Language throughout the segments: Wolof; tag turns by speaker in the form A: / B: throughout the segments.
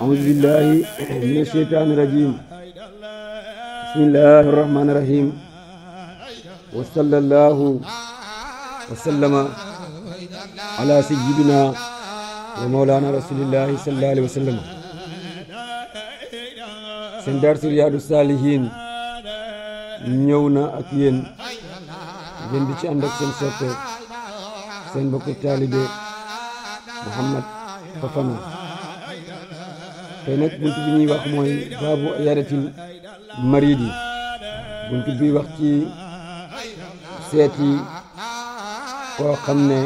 A: أعوذ بالله من الشيطان الرجيم بسم الله الرحمن الرحيم وصلى الله وسلم على سيدنا ومولانا رسول الله صلى الله عليه وسلم سندار darsu الصالحين نيونا ñëw na ak yéen ngeen di ci ànd ak seen soppe tey nag bunt bi wax mooy baabu yaratil marid yi bunt bi ci seeti koo xam ne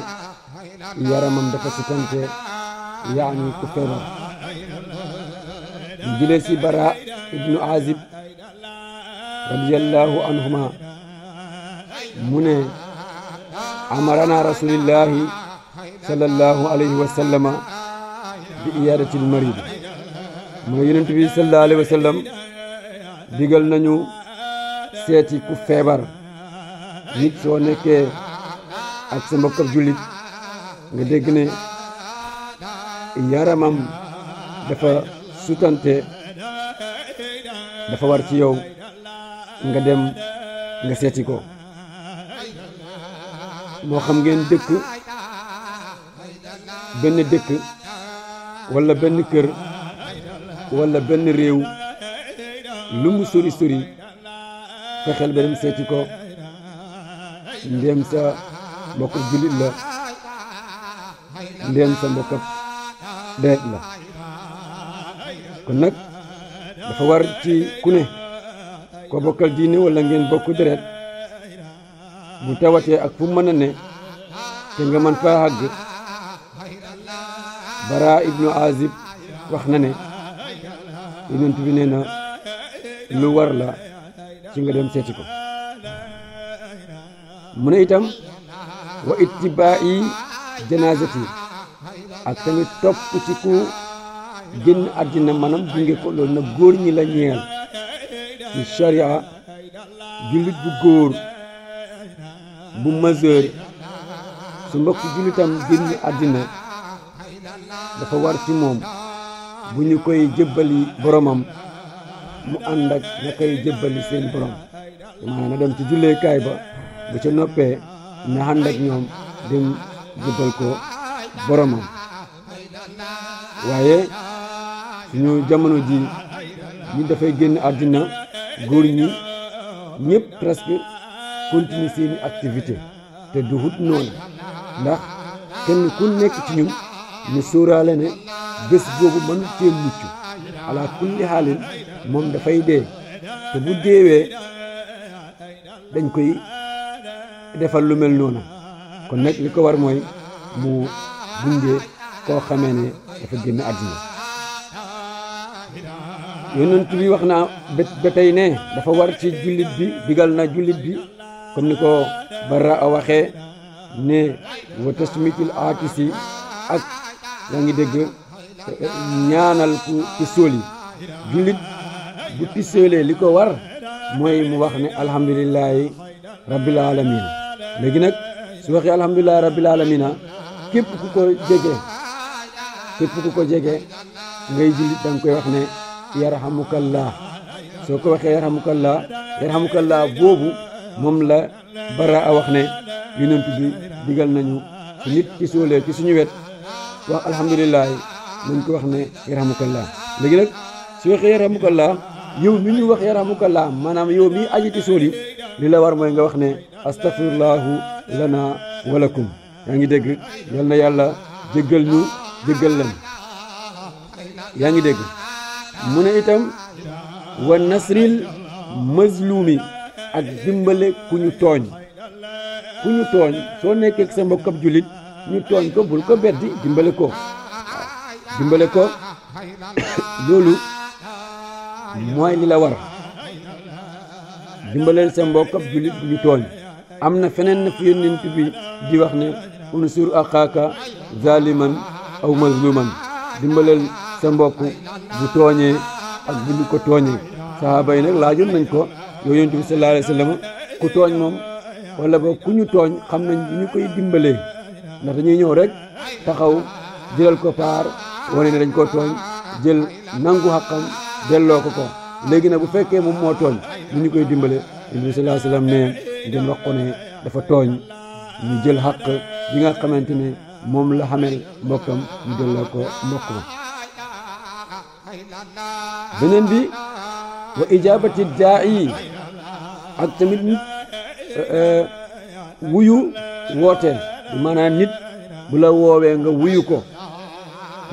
A: yaramam dafa sitante yaani ku feebar jële si bara ibnu azib radiyallahu anhuma mu mu ne yonent bi sallallahu alayhi digal nañu seeti ku feebar nit soo nekkee ak sa mbokkab jullit nga dégg ne yaramam dafa sutante dafa war ci yow nga dem nga seeti ko moo xam ngeen dëkk benn dëkk walla benn kër wala benn réew lu mu sori sori fexeel ba dem seeti ko ndéem sa mbokku jullit la ndéem sa mbokku deret la kon nag dafa war ci ku ne ko bokkal diine wala ngeen bokk deret bu tawatee ak fu mën a ne te nga mën faa àgg bara ibnu azib wax na ne yonent bi nee na lu war la ci nga dem seeti ko mu ne itam wa ittibaa'i janaazati ak tamit topp ci ku génn àddina maanaam gunge ko loolu nag góor ñi la ñeel ci sharia jullit bu góor bu majeur su mbokk jullitam génn àddina dafa war ci moom bu ñu koy jébbali boromam mu ànd ak ña koy jébbali seen borom maanaam na dem ci julleekaay ba bu ca noppee na ànd ak ñoom dem jébbal ko boromam waaye suñu jamono ji ñu dafay génn àddina góor ñi ñëpp presque continue seeni activité te du hut noonu ndax kenn ku nekk ci ñun ñu sóoraale ne bés boobu mënu mucc ala kulli xaalin moom dafay dee te bu deewee dañ koy defal lu mel noonu kon nag li ko war mooy mu gunge koo xamee ne dafa génn àdduna yonent bi wax naa ba tey ne dafa war ci jullit bi digal na jullit bi kon ni ko bara a waxee ne wa tasmitil aatisi ak yaa ngi dégg ñaanal ku ku sóol yi jullit bu tisseelee li ko war mooy mu wax ne alhamdulilahi rabbil alamina léegi nag su waxee alhamdulilahi rabbil alamina képp ku ko jege képp ku ko jege ngay jullit da koy wax ne yarhamukallah soo ko waxee yarhamukallah yarhamukallah boobu moom la bara a wax ne yonent bi digal nañu su nit tisseelee ci suñu wet wax alhamdulilahi dañ ko wax ne yarhamukallah léegi nag su waxee yarhamukallah yow mi ñuy wax yarhamukallah maanaam yow mi aji ci suul li la war mooy nga wax ne astaghfirullahu lana walakum yaa ngi dégg yal na yàlla jéggal ñu jéggal lan yaa ngi dégg mu ne itam wa nasril mazlumi ak dimbale ku ñu tooñ ku ñu tooñ soo nekkee sa mbokk ab jullit ñu tooñ ko bul ko beddi dimbale ko dimbale ko loolu mooy li la war dimbaleel sa mbokk ab jullit ñu tooñ am na feneen na fi yonent bi di wax ne unsur axaaka zaliman aw mazluman dimbaleel sa mbokk bu tooñee ak bu ñu ko tooñee sahaaba yi nag laajoon nañ ko yow yonent bi sallallahu alayhi wa sallam ku tooñ moom wala ba ku ñu tooñ xam nañ bu ñu koy dimbalee ndax dañuy ñëw rek taxaw jëlal ko paar wane ne dañ koo tooñ jël nangu xaqam delloo ko ko léegi nag bu fekkee moom moo tooñ nu ñu koy dimbale nabi sallallahu alayhi wasallam ne ngeen wax dafa tooñ ñu jël xaq bi nga xamante ne moom la xamel mbokkam ñu delloo ko mbokk ma beneen bi wa ijabati daa'i ak tamit nit eh, eh, wuyu woote maanaam nit bu la woowee nga wuyu ko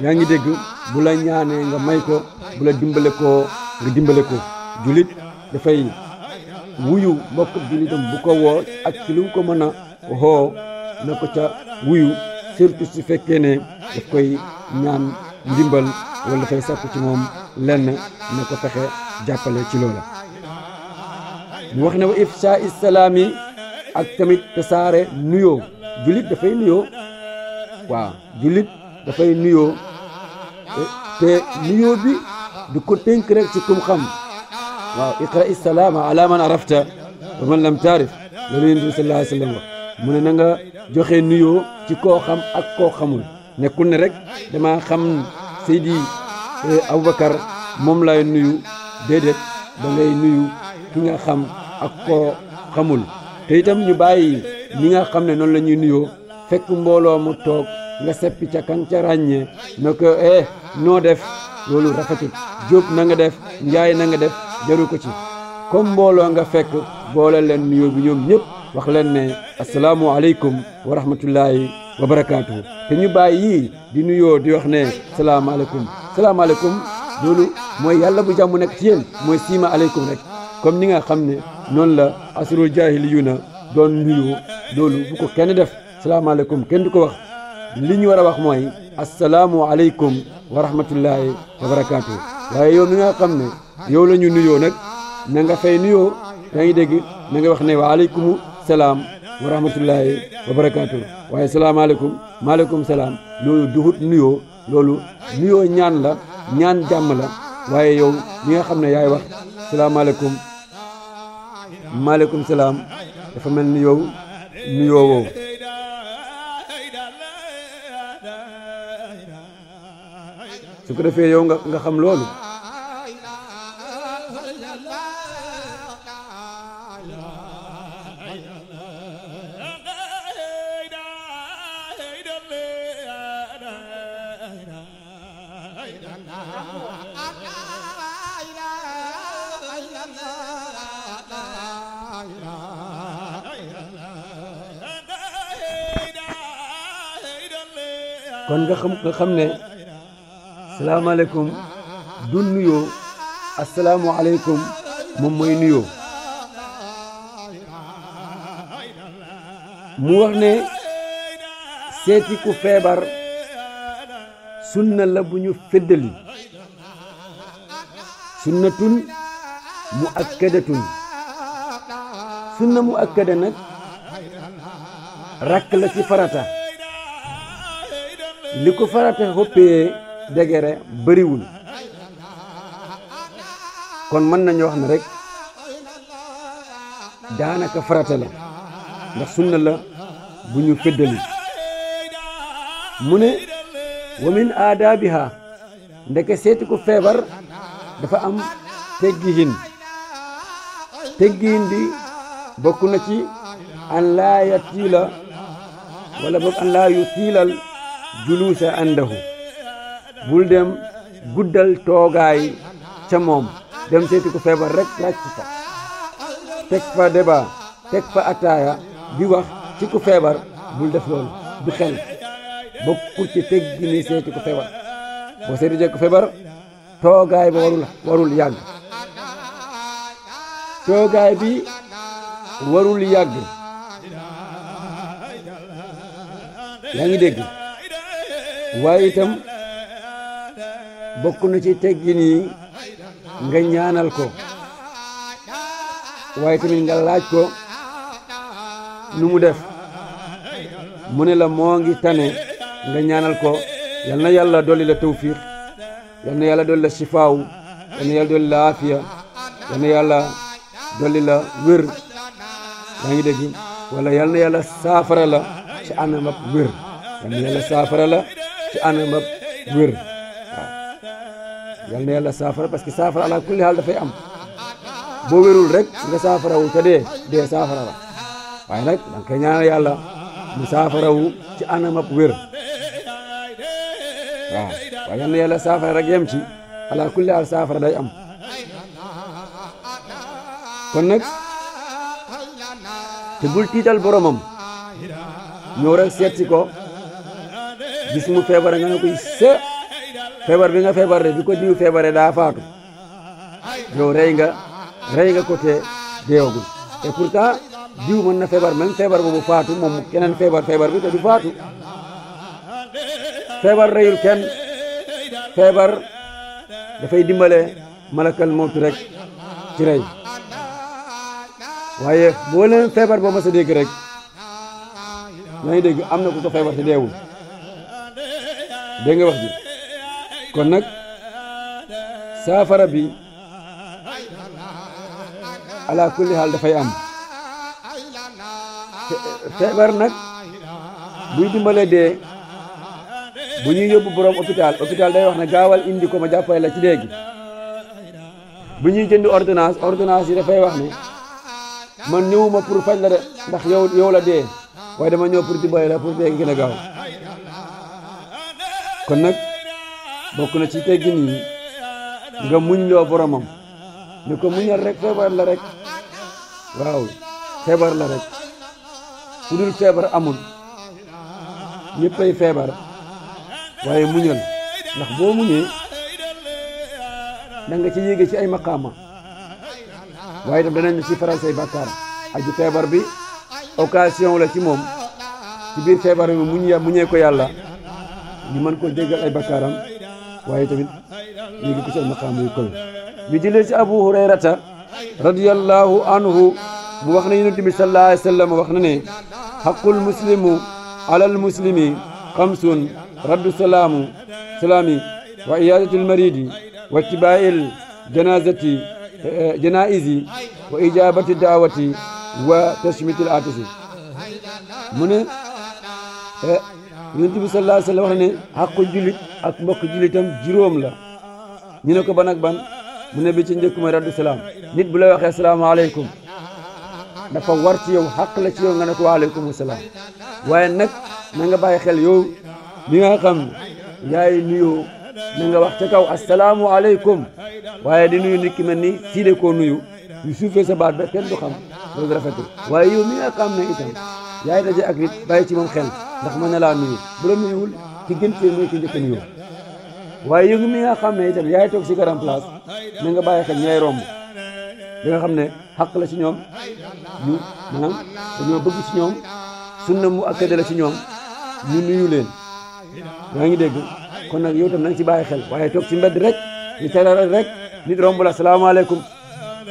A: yaa ngi dégg bu la ñaanee nga may ko bu la dimbale ko nga dimbale ko julit dafay wuyu mbokk julitam bu ko woo ak ci ko mën a woo na ko ca wuyu surtout su fekkee ne daf koy ñaan ndimbal wala dafay sàkku ci moom lenn na ko fexe jàppale ci loola mu wax ne wa ifsha isalaam ak tamit tasaare nuyoo julit dafay nuyoo waaw julit dafay nuyoo te nuyoo du ko tënk rek ci kum xam waaw iqra salaama ala man arafta wa man lam taarif loolu yonent bi nuyoo ci koo xam ak koo xamul nekkul ne rek dama xam Seydi eh, Aboubacar moom laay nuyu déedéet da ngay nuyu ki nga xam ak koo xamul te itam ñu bàyyi ñi nga xam ne noonu la ñuy nuyoo fekk mbooloo mu toog nga seppi ca kan ca ràññee na ko eh noo def loolu rafetul jóob na nga def njaay na nga def jaru ko ci comme mbooloo nga fekk boole leen nuyoo bi ñoom ñëpp wax leen ne asalaamu aleykum wa rahmatullahi wa barakaatu te ñu bàyyi di nuyoo di wax ne salaamaaleykum salaamaaleykum loolu mooy yàlla bu jàmm nekk ci mooy siima aleykum rek comme ni nga xam ne noonu la asrul na doon nuyoo loolu bu ko kenn def salaamaaleykum kenn du ko wax li ñu war a wax mooy asalaamu aleykum wa rahmatullahi wa waaye yow mi nga xam ne yow lañu ñu nuyoo nag na nga fay nuyoo yaa ngi dégg na nga wax ne wa aleykum salaam wa rahmatullahi wa waaye salaamaaleykum maaleykum salaam loolu duhut nuyoo loolu nuyoo ñaan la ñaan jàmm la waaye yow mi nga xam ne yaay wax salaamaaleykum maaleykum salaam dafa mel ni yow nuyoo woowu su ko yow nga nga xam loolu kon nga xam ne salaamaaleykum du nuyoo asalaamualeykum moom mooy nuyoo mu wax ne seeti ku feebar sunna la bu ñu feddali sunnatun mu akkadatun sunna mu nag rakk la ci farata li ko farata xoppee dégere bëriwul kon mën nañu wax ne rek daanaka farata la ndax sunna la bu ñu feddali mu ne wa min aadaabiha ndeke seeti ko feebar dafa am teggihin teggihin bi bokk na ci an laa yatiila wala boog an juluusa àndahu bul dem guddal toogaay ca moom dem seeti ku feebar rek ràcc fa teg fa débat teg fa ataaya di wax ci ku feebar bul def loolu du xel bokkul ci teggi ni seeti ku feebar boo seeti jekk feebar toogaay ba warul warul toogaay bi warul yàgg yaa ngi dégg waaye bokk na ci teggin yi nga ñaanal ko waaye tamit nga laaj ko nu mu def mu ne la moo ngi tane nga ñaanal ko yal na yàlla dolli la tawfiq yal na yàlla dolli la sifaaw yal na yàlla dolli la aafiya yal na yàlla dolli la wér yaa ngi dégg wala yal na yàlla saafara la ci anam ab wér yal na yàlla saafara la ci anam ab wér yal na yàlla saafara parce que saafara ala kulli xaal dafay am boo wérul rek nga saafarawu te dee dee saafara la waaye nag danga koy ñaanal yàlla mu wu ci anamab wér waaw waaye yal na yàlla saafara rek yem ci ala kulli xaal saafara day am kon nag te bul tiital boromam ñëw rek seet si ko gis mu feebar nga ne koy se feebar bi nga feebar de bi ko diw feebare daa faatu yow rey nga nga ko te deewagul et pourtant diw mën na feebar même feebar boobu faatu moom keneen feebar feebar bi te du faatu feebar reyul kenn feebar dafay dimbale malakal mawtu rek ci rey waaye boo leen feebar boo mas a dégg rek yaa ngi am na ku ko feebar te deewul dégg wax ji kon nag saafara bi ala kulli xaal dafay am feebar nag buy dimbalee dee bu ñuy yóbbu borom hôpital hôpital day wax ne gaawal indi ko ma jàppale la ci léegi bu ñuy jënd ordonnance ordonnance yi dafay wax ne man ñëwuma pour faj la de ndax yow yow la dee waaye dama ñëw pour dimbale la pour dee gën a gaaw kon nag bokk na ci teggin yi nga muñ loo boromam ko muñal rek feebar la rek waaw feebar la rek fu dul feebar amul ñëppay feebar waaye muñal ndax boo muñee da nga ci yéege ci ay maqaama waaye itam danañ ci faral say bàkkaar aji feebar bi occasion la ci moom ci biir feebar bi muñ muñee ko yàlla ñu mën ko jéggal ay bakkaaram waaye tamit ñu ngi ko ci ay maqaam yu kawe bi jëlee ci abu hurayrata radiyallahu anhu mu wax ne yonent bi sallallahu alayhi wa sallam wax na ne xaqul muslimu alal muslimi xamsun raddu salaamu salaami wa iyaadatu lmaridi wa itibaa'i ljanazati janaizi wa ijaabati daawati wa tashmiti l aatisi mu ne yonent bi sallallahu alayhi wa sallam wax ne xàqu jullit ak mbokk jullitam juróom la ñu ne ko ban ak ban mu ne bi ci njëkk mooy raddu salaam nit bu la waxee salaamaaleykum dafa war ci yow xàq la ci yow nga ne ko waaleykum salaam waaye nag na nga bàyyi xel yow mi nga xam yaay nuyoo na nga wax ca kaw asalaamualeykum waaye di nuyu nit ki mel ni sii de koo nuyu yu sa baat ba kenn du xam loolu rafetul waaye yow mi nga xam ne itam yaay daje ak nit bàyyi ci moom xel ndax mën na laa nuyu bu la nuyuwul ki mooy ki njëkk a nuyoo waaye yëngu mi nga xam ne yaay toog si grand place na nga bàyyi xel ñaay romb da nga xam ne xàq la ci ñoom ñu maanaam dañoo ñoom sunna mu akkade la ci ñoom ñu nuyu ngi dégg kon nag yow tam na ci bàyyi xel waaye toog ci mbedd rek ñu teral rek nit romb la salaamaaleykum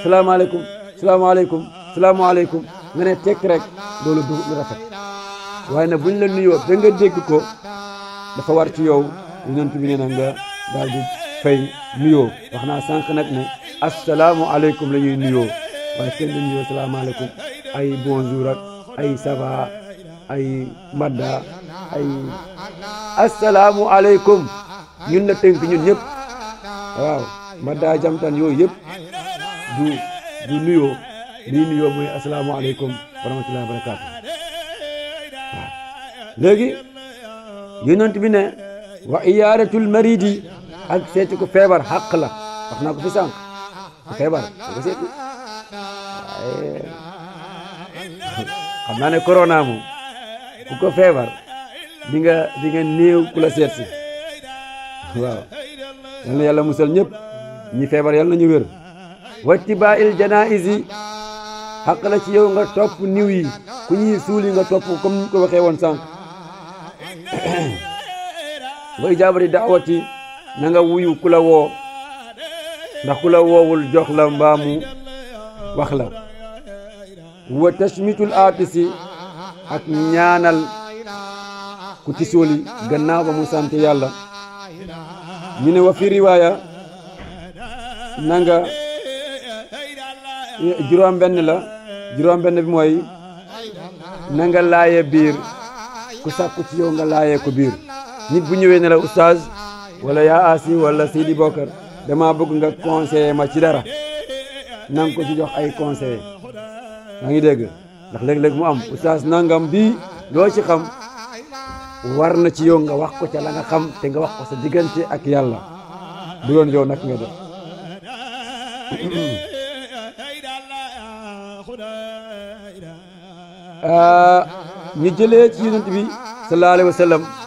A: salaamaaleykum salaamaaleykum salaamaaleykum nga ne tekk rek loolu du lu rafet waaye nag buñ la nuyoo da nga dégg ko dafa war ci yow yonent bi nee na nga daal di fay nuyoo wax naa sànq nag ne asalaamualeykum la ñuy nuyoo waaye kenn du nuyoo salaamaaleykum ay bonjour ak ay ça va ay madda ay asalaamualeykum ñun la tënk ñun ñëpp waaw madda jamtan yooyu yëpp du nuyoo li ñu nuyoo mooy asalaamaaleykum wa rahmatullahi wa bi ne wa iyaaratul maridi ak seeti ko feebar xàq la wax naa ko fi ku feebar nga seeti waaye xam naa ne corona moom ko feebar di nga di nga néew ku la seet si waaw musal ñëpp ñi feebar yal na wér wa tibaa'il janaa'isi xaq la ci yow nga topp niw yi ku ñuy suuli nga topp comme ni ñu ko waxee woon sànq wa ijaabati daawati na nga wuyu ku la woo ndax ku la woowul jox la mbaamu wax la wa tashmitul aatisi ak ñaanal ku ci suuli mu sant yàlla ñu ne wa fi riwaaya na juróom benn la juróom benn bi mooy na nga laaye biir ku sàkku ci yow nga laayee ko biir nit bu ñëwee ne la oustaz wala yaa asi wala Sidi Bokar dama bëgg nga conseiller ma ci dara na nga ko ci jox ay conseil maa ngi dégg ndax léeg-léeg mu am oustaz nangam bii loo ci xam war na ci yow nga wax ko ca la nga xam te nga wax ko sa diggante ak yàlla bu doon yow nag nga def Ah, ñu jëlee ci yonent bi alayhi wa